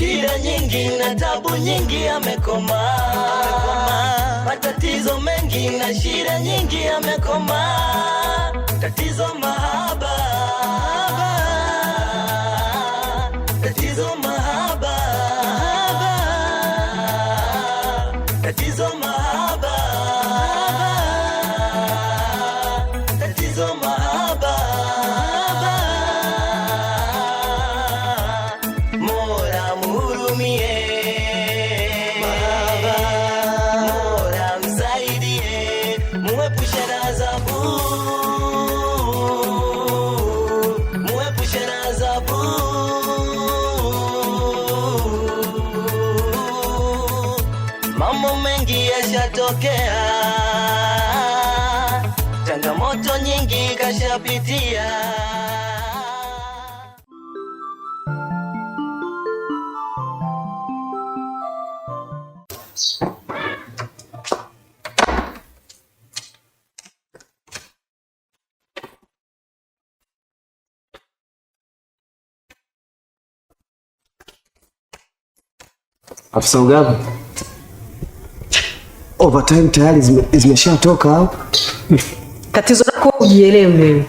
shida nyingi na tabu nyingi amekoma, matatizo mengi na shida nyingi amekoma, tatizo mahaba mengi yashatokea, changamoto nyingi kashapitia. Afisa overtime tayari zimeshatoka zime tatizo lako ujielewe wewe.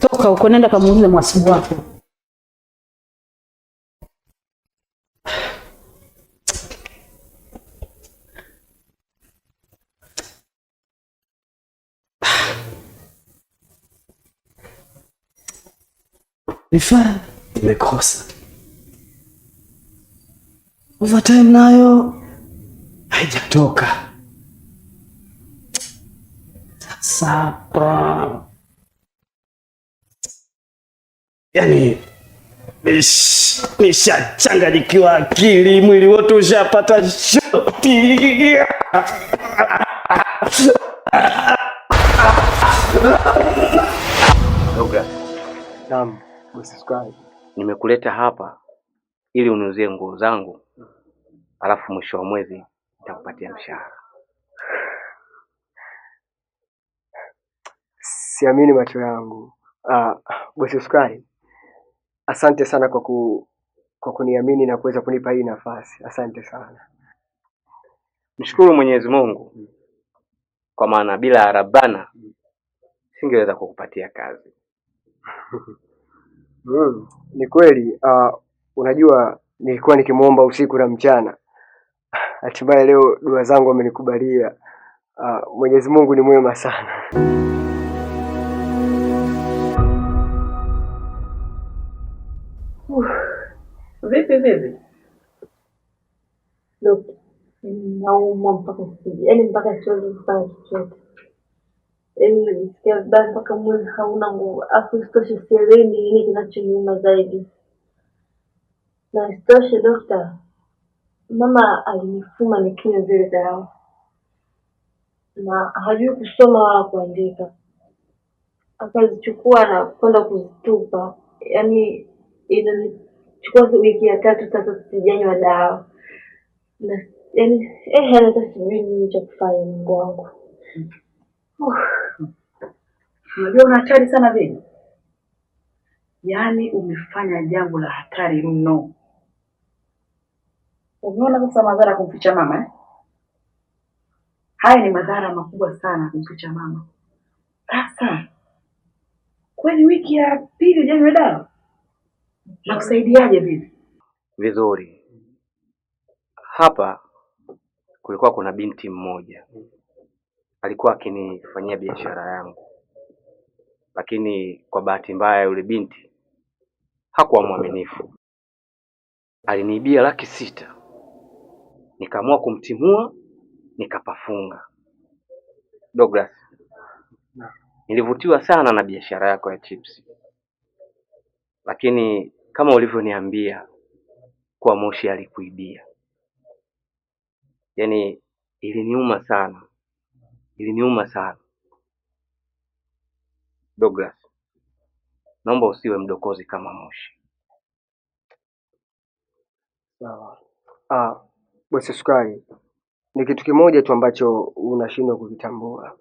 Toka uko nenda kamuulize mwasibu wako. Vifaa imekosa overtime nayo haijatoka. Sapa yani nishachanganyikiwa akili, mwili wote ushapata shoti. nimekuleta hapa ili uniuzie nguo zangu, alafu mwisho wa mwezi kupatia mshahara. Siamini macho yangu. Uh, ah, bosi Sukari, asante sana kwa ku kwa kuniamini na kuweza kunipa hii nafasi. Asante sana. Mshukuru Mwenyezi Mungu kwa maana bila arabana singeweza kukupatia kazi Mm, Ni kweli uh, unajua nilikuwa nikimwomba usiku na mchana hatimaye leo dua zangu amenikubalia. Uh, ah, Mwenyezi Mungu ni mwema sana. vipi vipi? Look, nauma mpaka yaani mpaka siwezi kufanya chochote. Yaani najisikia vibaya mpaka mwili hauna nguvu, afu isitoshe sielewi ni nini kinachoniuma zaidi. Na isitoshe dokta Mama alinifuma nikinywa zile dawa na hajui kusoma wala kuandika, akazichukua na kwenda kuzitupa. Yaani inanichukua wiki ya tatu sasa sijanywa dawa na yaani eh, hata sijui nini cha kufanya. Mungu wangu, unajua una hatari sana, Beni. Yaani umefanya jambo la hatari mno Unaona sasa madhara kumficha mama eh? Haya ni madhara makubwa sana kumficha mama. Sasa kweli wiki ya pili hujanywa dawa nakusaidiaje? Vipi? Vizuri. Hapa kulikuwa kuna binti mmoja alikuwa akinifanyia biashara yangu, lakini kwa bahati mbaya yule binti hakuwa mwaminifu, aliniibia laki sita Nikaamua kumtimua nikapafunga. Douglas, nilivutiwa sana na biashara yako ya chips, lakini kama ulivyoniambia kuwa Moshi alikuibia, yaani iliniuma sana, iliniuma sana. Douglas, naomba usiwe mdokozi kama Moshi. Sawa. Ah, Bosi Sukari, ni kitu kimoja tu ambacho unashindwa kukitambua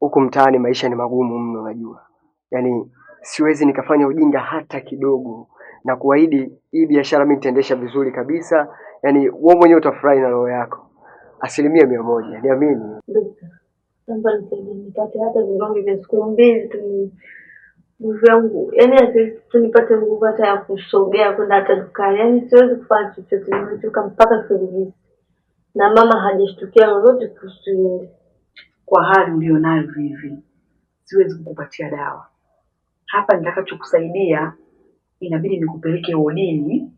huku mtaani, maisha ni magumu mno, unajua. Yaani siwezi nikafanya ujinga hata kidogo, na kuahidi hii biashara mi nitaendesha vizuri kabisa, yaani wewe mwenyewe utafurahi na roho yako asilimia mia moja, niamini. Nipate hata vironge vya siku mbili tu nguvu yangu yani nipate nguvu hata ya kusogea kwenda hata dukani, yani siwezi kufanya chochote, nimechoka mpaka kirugizi, na mama hajashtukia lolote kuhusu Kwa hali ulionayo hivi, siwezi kukupatia dawa hapa. Nitakachokusaidia inabidi nikupeleke wodini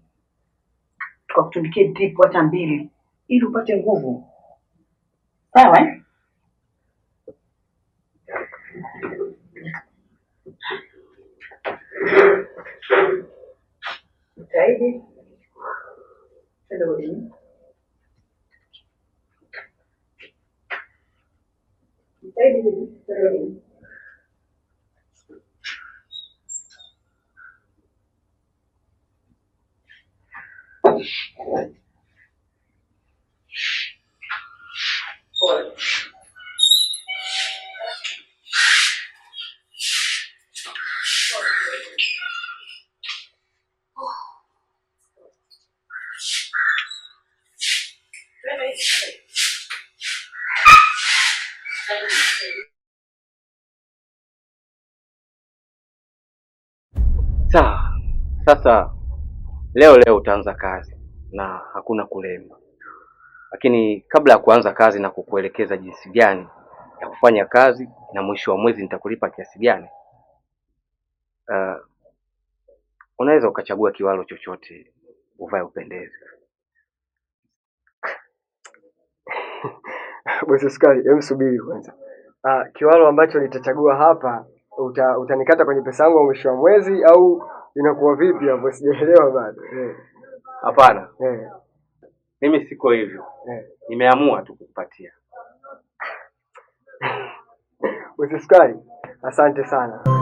tukakutundikie drip hata mbili, ili upate nguvu, sawa? Eh? Tijdig. Verloren. Sasa leo leo utaanza kazi na hakuna kulemba, lakini kabla ya kuanza kazi na kukuelekeza jinsi gani ya kufanya kazi na mwisho wa mwezi nitakulipa kiasi gani, uh, unaweza ukachagua kiwalo chochote uvae upendeze. Bosi Sukari, hebu subiri kwanza. Uh, kiwalo ambacho nitachagua hapa uta, utanikata kwenye pesa yangu ya mwisho wa mwezi au inakuwa vipi hapo? Sijaelewa bado. Eh. Hapana, eh. mimi siko hivyo, eh. nimeamua tu kukupatia. Wewe asante sana.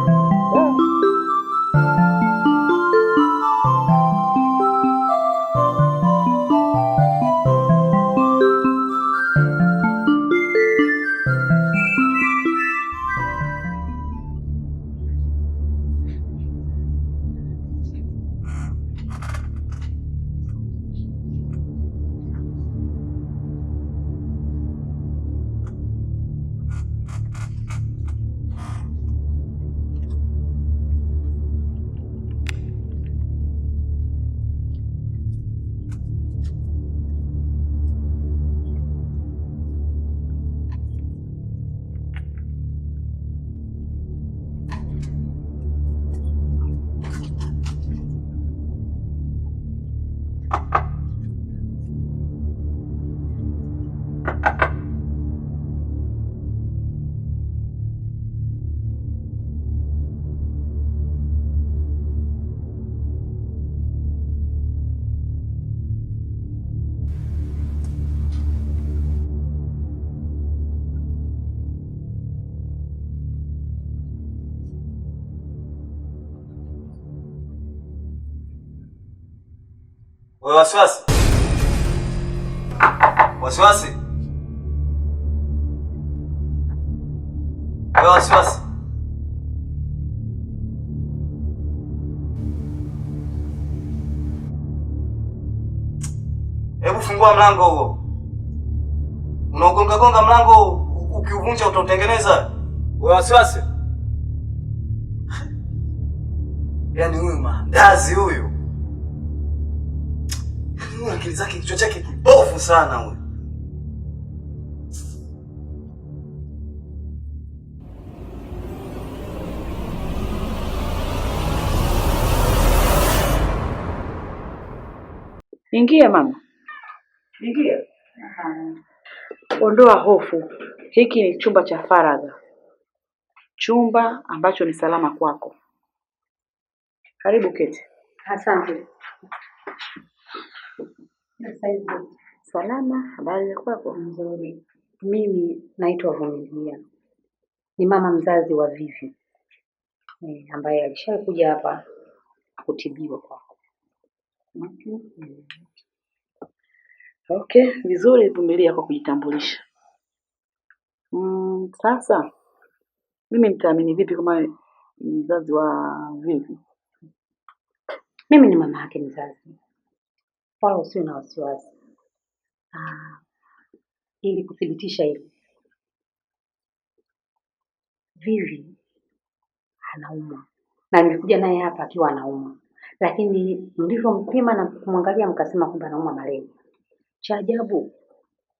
Wewe wasiwasi wasiwasi, wewe wasiwasi, hebu fungua mlango huo, Unaogonga gonga mlango, ukiuvunja utautengeneza. Wewe wasiwasi, yaani huyu mandazi huyu akili zake, kichwa chake kibovu sana huyo. Ingia mama, ingia. Aha. Ondoa hofu, hiki ni chumba cha faragha, chumba ambacho ni salama kwako. Karibu keti. Asante. Salama, habari ya kwako? Nzuri. Mimi naitwa Vumilia, ni mama mzazi wa Vivi eh, ambaye alishakuja kuja hapa kutibiwa kwako. Mm-hmm. Okay, vizuri Vumilia, kwa kujitambulisha. Mm, sasa mimi mtaamini vipi kama mzazi wa Vivi? Mimi ni mama yake mzazi, wala usiwe na wasiwasi. Ah, ili kuthibitisha hili, Vivi anaumwa na nilikuja naye hapa akiwa anaumwa, lakini mlivyompima na kumwangalia mkasema kwamba anaumwa malaria. Cha ajabu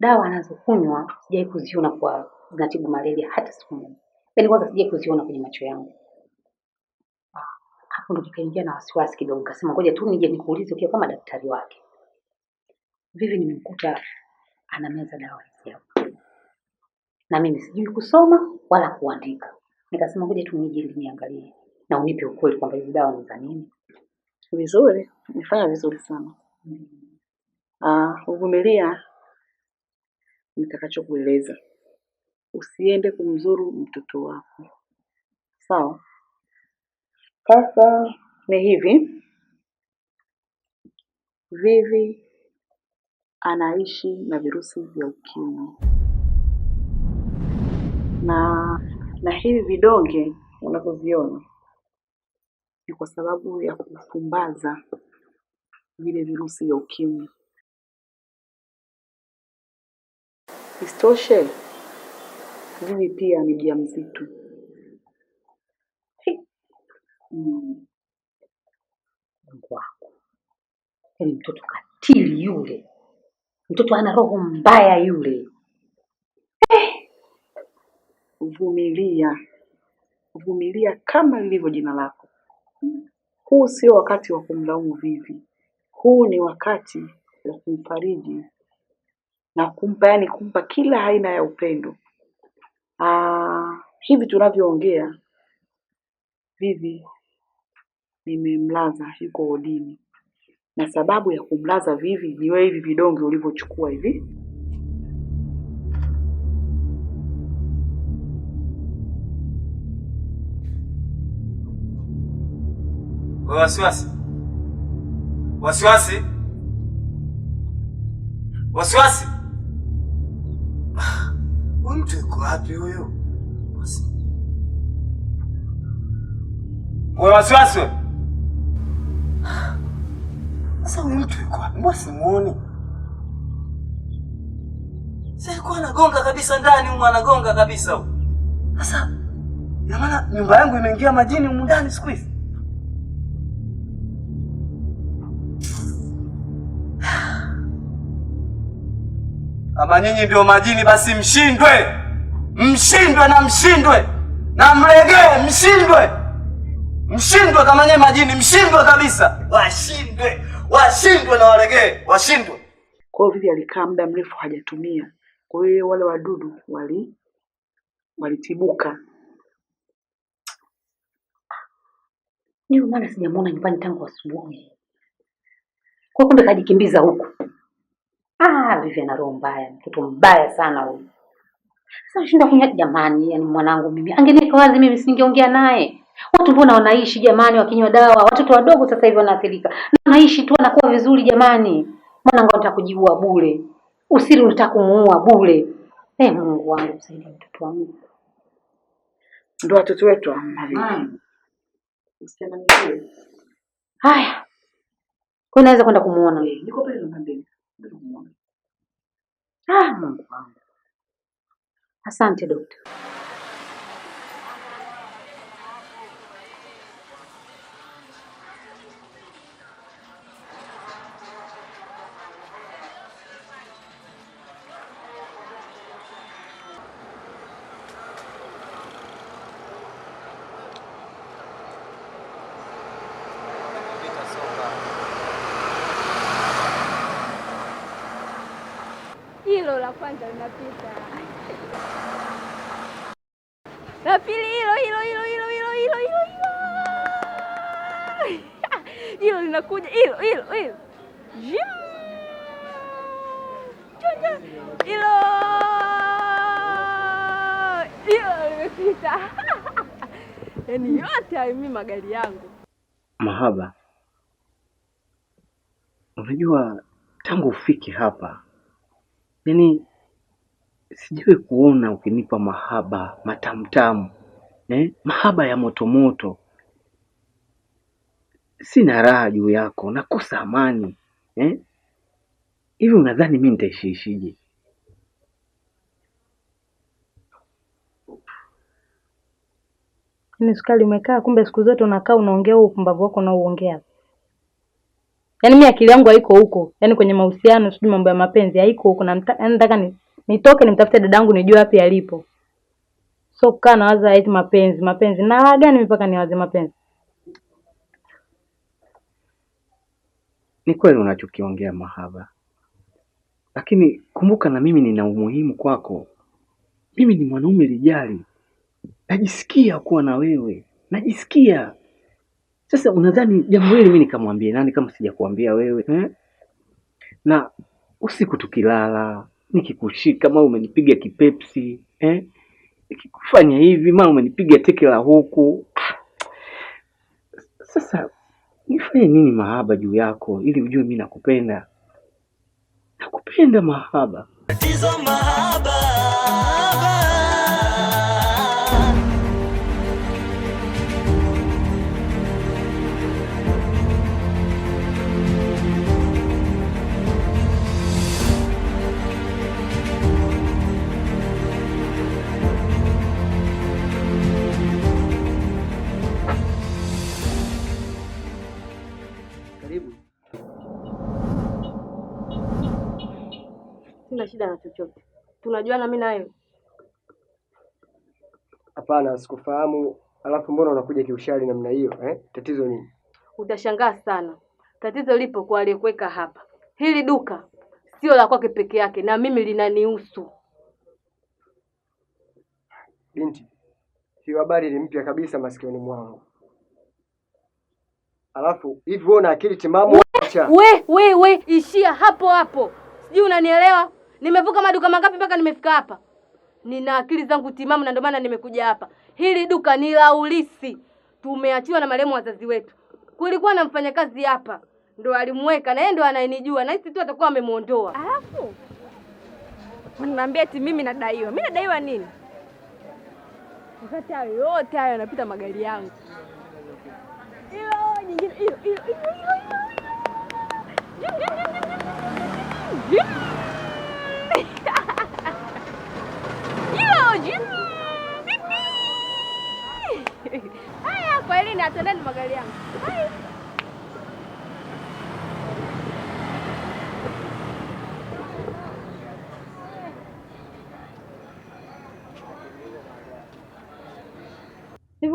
dawa anazokunywa sijai kuziona kwa zinatibu malaria hata siku moja, yaani kwanza sijai kuziona kwenye macho yangu. Ah, hapo ndo nikaingia na wasiwasi kidogo, nikasema ngoja tu nije nikuulize ukiwa kama daktari wake. Vivi nimekuta anameza dawa hizi hapo, na mimi sijui kusoma wala kuandika, nikasema ngoja tu nije niangalie na unipe ukweli kwamba hizi dawa ni za nini. Vizuri, nifanya vizuri sana. Mm. Ah, uvumilia nitakachokueleza. Usiende kumzuru mtoto wako, sawa? Sasa ni hivi, Vivi anaishi na virusi vya ukimwi na na hivi vidonge unavyoviona ni kwa sababu ya kufumbaza vile virusi vya ukimwi. Isitoshe, mimi pia ni mjamzito mzito mm. yaani mtoto katili yule, Mtoto ana roho mbaya yule. Eh, vumilia, vumilia kama lilivyo jina lako. Huu sio wakati wa kumlaumu Vivi, huu ni wakati wa kumfariji na kumpa, yani kumpa kila aina ya upendo. Aa, ah, hivi tunavyoongea Vivi nimemlaza, yuko odini na sababu ya kumlaza Vivi ni wewe hivi vidonge ulivyochukua hivi. wasiwasi wasiwasi wasiwasi, huyu mtu yuko wapi huyo? Wewe wasiwasi sasa huyu mtu yuko wapi? Mbona simuoni? Sasa yuko anagonga kabisa ndani huko anagonga kabisa huko. Sasa ina maana nyumba yangu imeingia majini huko ndani siku hizi. Kama nyinyi ndio majini basi mshindwe. Mshindwe na mshindwe. Na mlegee mshindwe. Mshindwe kama nyinyi majini mshindwe kabisa. Washindwe washindwe na walegee, washindwe. Kwa hiyo Vivi alikaa muda mrefu hajatumia, kwa hiyo wale wadudu wali walitibuka. Ndio maana sijamwona nyumbani tangu asubuhi, kwa kumbe kajikimbiza huku. Ah, Vivi ana roho mbaya, mtoto mbaya sana huyu. Sasa shinda kunya. Jamani, yani mwanangu mimi, angeneka wazi mimi singeongea naye Watu mbona wanaishi jamani, wakinywa dawa? Watoto wadogo sasa hivi wanaathirika, na wanaishi tu wanakuwa vizuri jamani. Mwanangu anataka kujiua bure, usiri unataka kumuua bure. Eh, Mungu wangu msaidie mtoto wangu, ndio watoto wetu haya. Kwa naweza kwenda kumuona eh, ah, Mungu wangu. Asante dokta. napita. La pili hilo hilo hilo hilo hilo hilo hilo hilo. linakuja hilo hilo hilo. Chonja hilo. Hilo limepita. Yaani yote hayo mimi magari yangu. Mahaba. Unajua tangu ufike hapa, yaani sijawe kuona ukinipa mahaba matamtamu eh, mahaba ya motomoto. Sina raha juu yako, nakosa amani eh. Hivi unadhani mi nitaishiishije? Ni yaani Sukari, umekaa kumbe, siku zote unakaa unaongea huu upumbavu wako unaouongea. Yaani mi akili yangu haiko huko, yaani kwenye mahusiano, sijui mambo ya mapenzi haiko huko, yaani nataka nitoke nimtafute dadangu nijue wapi alipo. So kaa nawaza eti mapenzi mapenzi, na la gani mpaka niwaze mapenzi? Ni kweli unachokiongea Mahaba, lakini kumbuka na mimi nina umuhimu kwako. Mimi ni mwanaume lijali, najisikia kuwa na wewe, najisikia sasa. Unadhani jambo hili mimi nikamwambie nani kama sijakuambia wewe eh? na usiku tukilala nikikushika mara umenipiga kipepsi eh? nikikufanya hivi mara umenipiga teke la huku. Sasa nifanye nini mahaba juu yako, ili ujue mi nakupenda, nakupenda mahaba. Tatizo mahaba hakuna shida na chochote, tunajuana mimi na wewe. Hapana, sikufahamu. Alafu mbona unakuja kiushari namna hiyo eh? Tatizo nini? Utashangaa sana, tatizo lipo kwa aliyekuweka hapa. Hili duka sio la kwake peke yake, na mimi linanihusu. Binti, hiyo habari ni mpya kabisa masikioni mwangu. Alafu hivi wewe una akili timamu? we, we, we, ishia hapo hapo, sijui unanielewa Nimevuka maduka mangapi mpaka nimefika hapa? Nina akili zangu timamu na ndio maana nimekuja hapa. Hili duka ni la ulisi. Tumeachiwa na marehemu wazazi wetu. Kulikuwa na mfanyakazi hapa. Ndio alimweka na yeye ndio anayenijua na hisi tu atakuwa amemuondoa. Alafu unaniambia eti mimi nadaiwa. Mimi nadaiwa nini? Wakati hayo yote hayo yanapita magari yangu. Ilo nyingine hilo hilo hilo.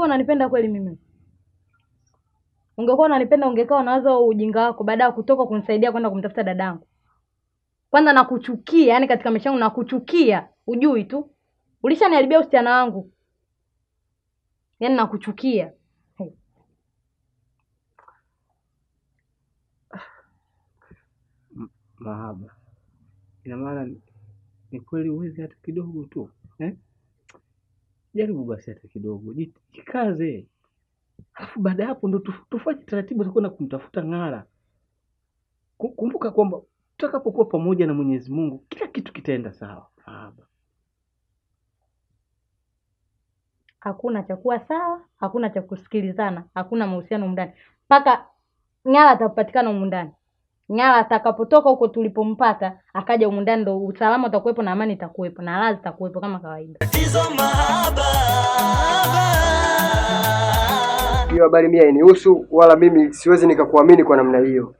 ungekuwa unanipenda kweli mimi? Ungekuwa unanipenda ungekaa unawaza ujinga wako baada ya kutoka kunisaidia kwenda kumtafuta dadangu. Kwanza nakuchukia, yani katika maisha yangu nakuchukia, ujui tu. Ulishaniharibia usichana wangu. yani nakuchukia. Mahaba. Ina maana ni kweli uwezi hata kidogo tu, eh? jaribu basi hata kidogo, jikaze, alafu baada hapo ndo tufanye taratibu za kwenda kumtafuta Ng'ara. Kumbuka kwamba tutakapokuwa pamoja na Mwenyezi Mungu kila kitu kitaenda sawa. Baba, hakuna cha kuwa sawa, hakuna cha kusikilizana, hakuna mahusiano mundani mpaka Ng'ara atapatikana mundani. Ng'ala atakapotoka huko tulipompata akaja umundani ndo usalama utakuwepo na amani itakuwepo na raha zitakuwepo kama kawaida. Hiyo habari mimi inihusu wala mimi siwezi nikakuamini kwa namna hiyo,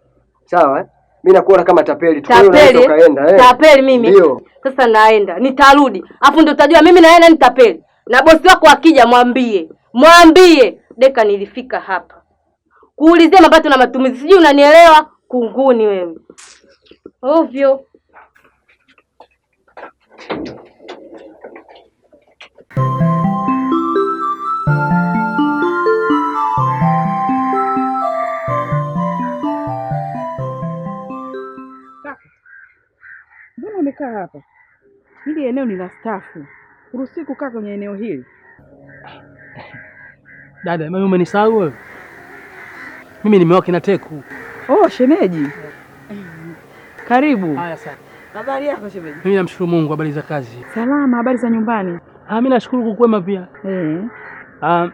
sawa eh? Mimi nakuona kama tapeli tu, tapeli eh, tapeli mimi ndio sasa naenda, nitarudi afu ndo utajua mimi naenda ni tapeli. Na bosi wako akija, mwambie mwambie Deka, nilifika hapa kuulizia mapato na matumizi, sijui unanielewa kunguni wewe, ovyo. Mbona umekaa hapa? Hili eneo ni la stafu, huruhusiwi kukaa kwenye eneo hili. Dada, mimi umenisahau wewe? Mimi nimeoa na Teku. Oh, shemeji karibu. Haya sana. Habari yako shemeji? Mimi namshukuru Mungu. Habari za kazi? Salama. Habari za nyumbani? Ah, mimi nashukuru kukwema pia. Eh. Ah,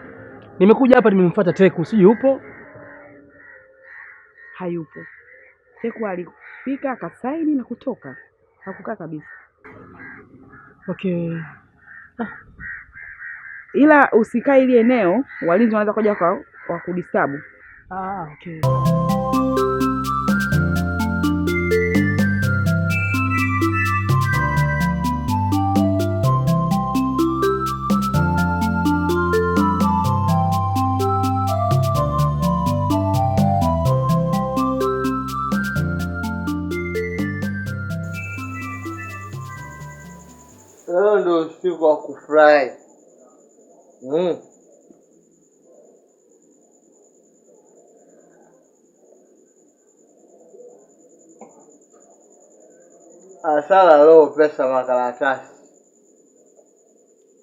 nimekuja hapa nimemfuata Teku, si yupo? Hayupo. Teku alifika akasaini na kutoka, hakukaa kabisa. Okay. Ah. Ila usikae ile eneo, walinzi wanaweza kuja kwa wakudistabu. Ah, okay. Leo ndio usiku wa kufurahi mm. Asara leo pesa makaratasi,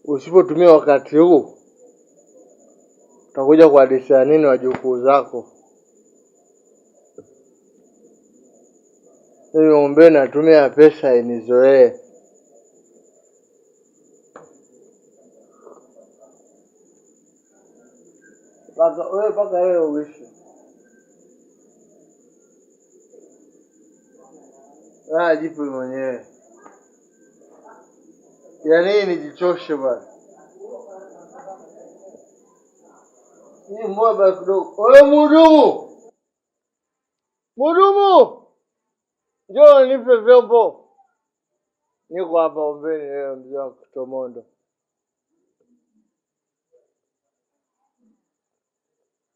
usipotumia wakati huu utakuja kuhadisia nini wajukuu zako? Mimi natumia pesa inizoee. Baka wewe mpaka wewe uishi. Ah, jipe mwenyewe. Ya nini jichoshe bwana? Ni mbwa kidogo. Wewe mudumu. Mudumu. Njoo nipe vyombo. Niko hapa ombeni leo mzee wa Kutomondo.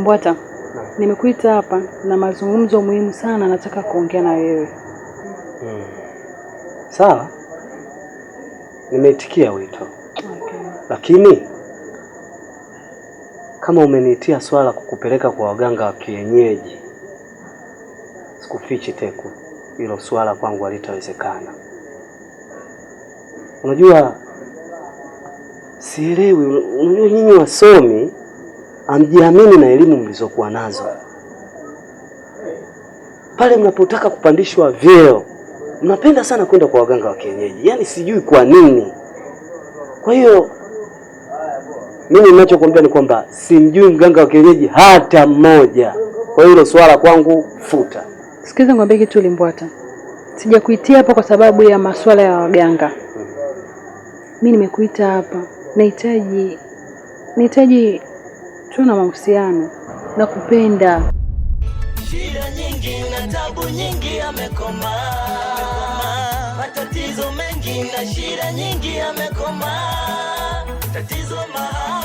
Mbwata, nimekuita hapa na mazungumzo muhimu sana, nataka kuongea na wewe. Hmm. Sawa, nimeitikia wito. Okay. Lakini kama umeniitia swala kukupeleka kwa waganga wa kienyeji, sikufichi Teku, hilo swala kwangu halitawezekana. Unajua sielewi, unajua nyinyi wasomi amjiamini na elimu mlizokuwa nazo. Pale mnapotaka kupandishwa vyeo, mnapenda sana kwenda kwa waganga wa kienyeji, yaani sijui kwa nini. Kwa hiyo mimi ninachokuambia ni kwamba simjui mganga wa kienyeji hata mmoja. Kwa hiyo hilo swala kwangu futa. Sikiza ngwambie kitu Limbwata, sijakuitia hapa kwa sababu ya masuala ya waganga. Mm-hmm. Mimi nimekuita hapa, nahitaji nahitaji tuwe na mahusiano na kupenda. Shida nyingi na tabu nyingi amekoma, matatizo mengi na shida nyingi amekoma, tatizo mahali